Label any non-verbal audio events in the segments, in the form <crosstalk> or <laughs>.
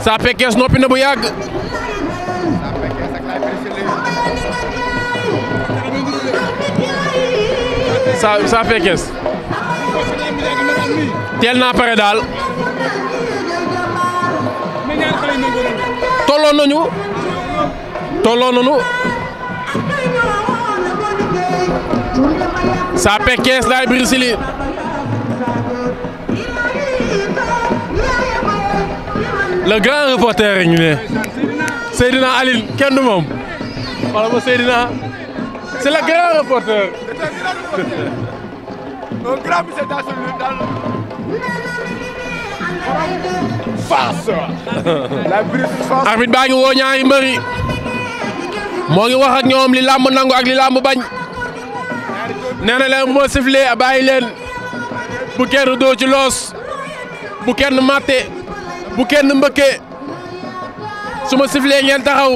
Sa Pekes noppi na bu yàgg Sa Sa Pekes teel naa pare daal tolloon nañu tolloon nañu Sa Pekes Brisili le grand reporter rek ñu Seydina Alioune kenn du moom wala ba Seydina <laughs> baa ngi woo ñaari mbëri moo ngi wax ak ñoom li làmb nangu ak li làmb bañ nee leen bu ma siflee bàyyi leen bu kenn doo ci loos bu kenn màtte. bu kenn mbëkkee su ma siflee ngeen taxaw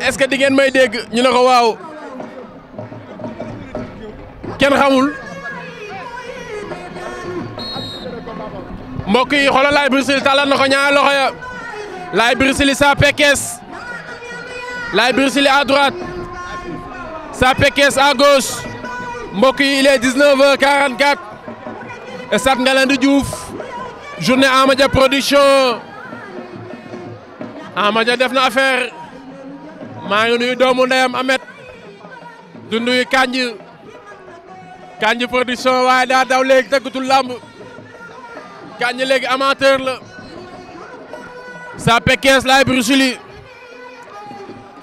est-ce que di ngeen may dégg ñu ne ko waaw kenn xamul mbokk yi xoolal Laye Bruxelles tàllal na ko ñaari loxo ya Laye Bruxelles saa pekkees Laye Bruxelles à droite saa pekkees à gauche mbokk yi il est 19h44 stade Ngalandou journée Ama production. Ama Dia def na affaire maa ngi nuyu doomu ndeyam Amet du nuyu Kanji Kanji production waaye daa daw léegi tëggatul làmb Kanji léegi amateur la sa Pekes laay brusuli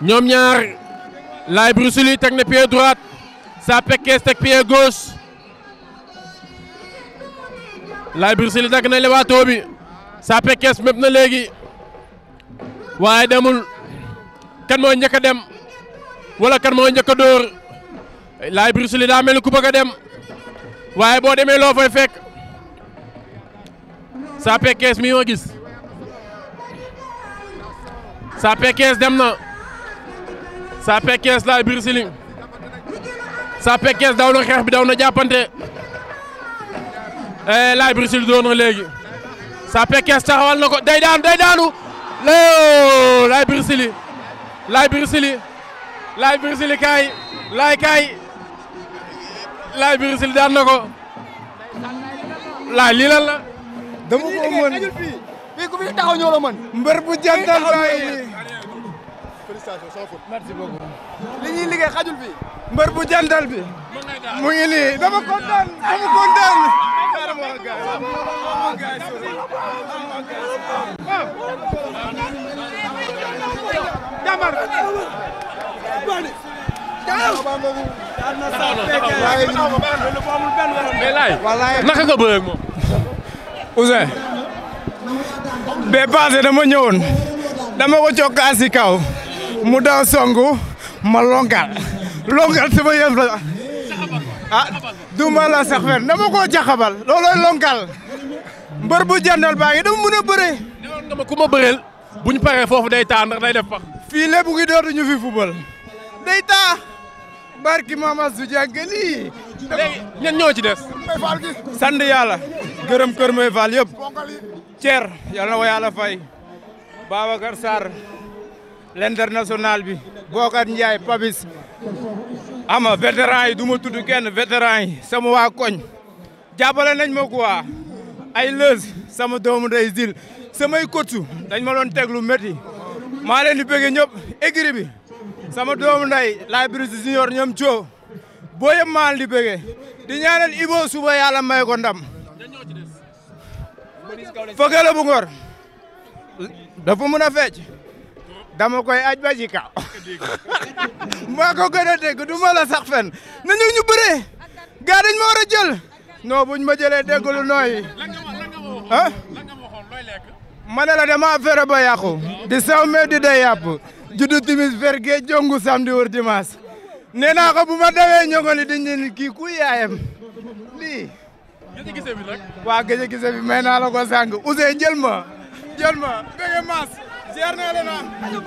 ñoom ñaar laay brusuli teg na pied droite sa Pekes teg pied gauche laay brusuli teg na lewaatoo bi sa Pekes mépp na léegi waaye demul kan moo njëkk a dem wala kan moo njëkk a dóor laay Bruce daa mel ni ku bëgg a dem waaye boo demee loo fay fekk saa pekkees mi ma gis saa pekkees dem na saa pekkees laay Bruce saa pekkees daw na xeex bi daw na jàppante eh, laay Bruce dóor na léegi saa pekkees taxawal na ko day daanu day daanu loo laay birisili laay birisili laay birisili kaay laay kaay laay birisili daan laay lii lan la. dama ko mën fii ku fi la mën. mbër bu jantal bàyyi. félicitations li ñuy liggéey xajul bu jantal bi. mu ngi dama kontaan dama kontaan. Omar waaye naka nga bëreeg moom. Ousseyn. bee passé dama ñëwoon. dama ko cokkaas kaw. mu daw songu ma longal. longal sama yëf la. ah duma la sax fen dama koo jaxabal mbër bu jàndal baa ngi dama mën a bëree. ne woon nga fii lépp gi dootuñu fi fubal. day taa. barki Maama su jàng lii. léegi ñan ñoo ci des. sant yàlla. gërëm Kër Mbaye Fall yëpp. Thier fay. Babacar Sarr. l'international bi. Bokar Ndiaye Pabis. ama vétéran yi du ma tudd kenn vétéran yi sama waa koñ jàppale nañ ma quoi ay lëz sama doomu day dil samay kottu dañ ma doon teg lu maa leen di bëggee ñëpp écurie bi sama doomu nday Laye Bruce Junior ñoom Thio boo yëpp maa di bëggee di ñaanal suba yàlla may ko ndam. fëgale bu ngor dafa mën a fecc dama koy aj ba ci kaw <laughs> maa ko ma la sax fen nañu ñu bëree gaa dañ ma jël non buñ ma jëlee dégg lu nooyi ah ma ne la dama fere ba yàqu di saw me di day yàpp juddu timis fer gee jongu samedi wër dimanche nee naa ko bu ma dawee ñogoni di ñin kii ku yaayam lii gëj gise bi nag waaw gëj gise bi may naa la ko sànq Ousseyn jël ma jël ma bëgg maas jeer naa leen